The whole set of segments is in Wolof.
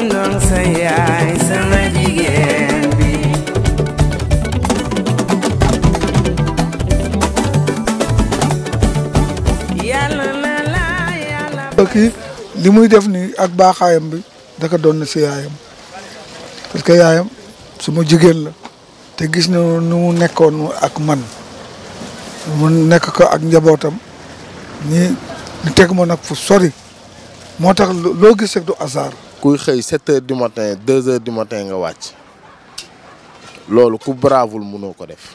ndong sa li muy def nii ak baaxaayam bi daka doon na si yaayam parce que yaayam suma jigéen la te gis na nu nekkoon ak man mu nekk ko ak njabootam ñi ñu teg ma nag fu sori moo tax loo gis rek du hasard kuy 7 h du matin 2 h du matin C'est wàcc ku bravul def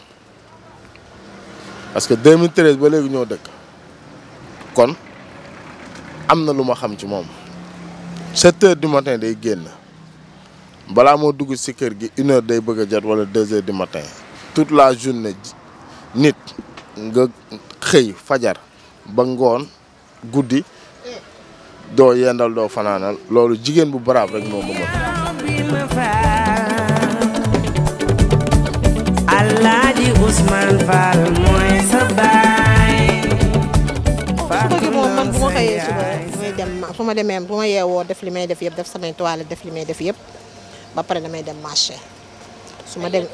parce que 2013 ba léegi ñoo kon xam 7 h du matin day génn balaa moo dugg ci kër gi une heure day bëgg a 2 h du matin toute la journée nit nga fajar ba ngoon doo yendal doo fanaanal loolu jigéen bu baraab rek moom ma Alaaji moom man bu ma xëyee su ma demee bu ma yeewoo def li may def yëpp def samay toilette def li may def yëpp ba pare damay dem marché su ma dem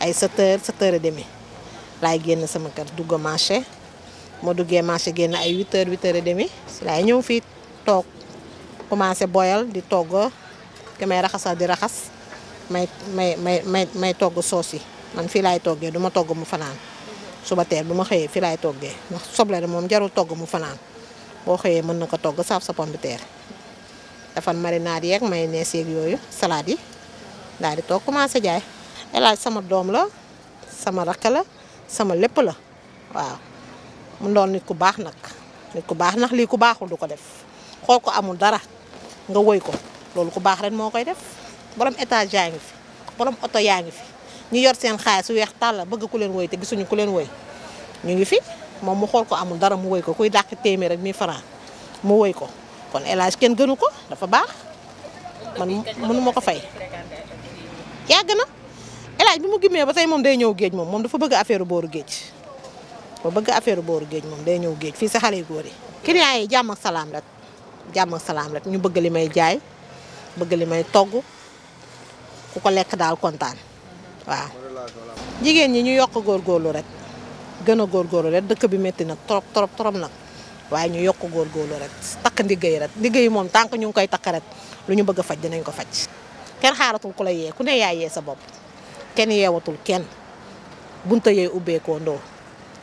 ay 7 heures 7 heures et demi laay génn sama kër dugg marché. mo duggee marché génn ay 8 heures 8 heures et demi si laay ñëw tok commencé boyal di togo ki may raxasal di raxas may may may may may togo soos man fii laay toggee du togo togg mu fanaan suba teel bu ma xëyee fii laay toggee soble de moom jarul togo mu fanaan boo xëyee mën na ko togg saaf sa pomme de terre defal marinade yeeg mayonnaise yeeg yooyu salade yi daal di commencé jaay sama doom la sama rakk la sama lépp la waaw mu doon nit ku baax nag nit ku baax ndax lii ku baaxul du ko def xool ko amul dara nga woy ko loolu ku baax rek moo koy def borom étage yaa ngi fi borom oto yaa ngi fi ñu yor seen xaalis su weex tàll bëgg ku leen woy te gisuñu ku leen woy ñu ngi fi moom mu xool ko amul dara mu woy ko kuy dàq téeméer rek 1000 francs mu woy ko kon El kenn gënu ko dafa baax man mënu ma ko fay yàgg na El Hadj bi mu gimmee ba tey moom day ñëw géej moom moom dafa bëgg affaire booru géej ko bëgg affaire booru géej moom day ñëw géej fii si xale yu góor yi. clients yi jàmm salaam rek jàmm salaam rek ñu bëgg li may jaay bëgg li may togg ku ko lekk daal kontaan waaw. jigéen ñi ñu yokk góor góorgóorlu rek gën a góor góorgóorlu rek dëkk bi métti nag trop trop trop nag waaye ñu yokk góor góorgóorlu rek takk ndiggéey rek ndiggéey moom tànk ñu ngi koy takk rek lu ñu bëgg a faj dinañ ko faj kenn xaaratul ku la yee ku ne yaa yee sa bopp kenn yeewatul kenn bunta yee ubbeekoo ndoo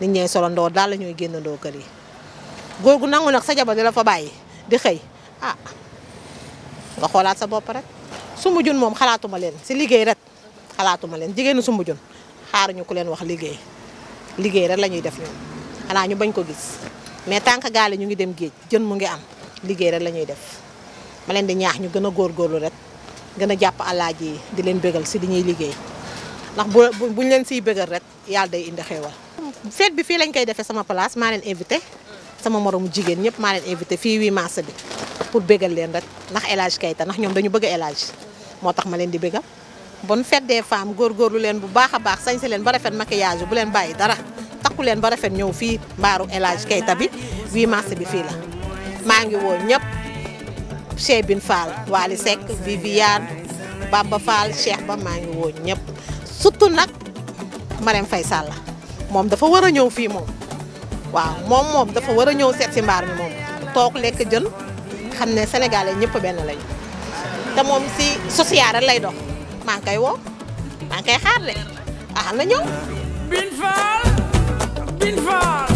nit solo ndoor daal la ñooy génnandoo kër yi góor gu nangu nag sa jabar di la fa bàyyi di xëy ah nga xoolaat sa bopp rek su sumbujun moom xalaatuma leen si liggéey rek xalaatuma leen jigéenu sumbujun xaaruñu ko leen wax liggéey liggéey rek lañuy ñuy def ñoom xanaa ñu bañ ko gis mais tant que gaale ñu ngi dem géej jën mu ngi am liggéey rek la ñuy def ma leen di ñaax ñu gën a góor góorlu rek gën a jàpp alaaji yi di leen bégal si di ñuy liggéey ndax bu buñ leen siy bëggal rek yàlla day indi xéewal fête bi fii lañ koy defee sama place maa leen invité sama moromu jigéen ñëpp maa leen invité fii 8 mars bi pour bëggal leen rek ndax El Hadj ndax ñoom dañu bëgg El moo tax ma leen di bëggal bon feddee des femmes góorgóorlu leen bu baax a baax sañse leen ba rafet maquillage bu leen bàyyi dara takku leen ba rafet ñëw fii mbaaru El Hadj bi 8 mars bi fii la maa ngi woo ñëpp Cheikh Bin Fall Waly Seck Viviane Bamba Fall Cheikh Ba maa ngi woo ñëpp surtout nag Marème fay Sall moom dafa war a ñëw fii moom waaw moom moom dafa war a ñëw seet si mbaar mi moom toog lekk jën xam ne sénégalais ñëpp benn lañu te moom si social lay dox maa ngi koy woo maa ngi xaar de ah na ñëw. Bin Fall Bin Fall.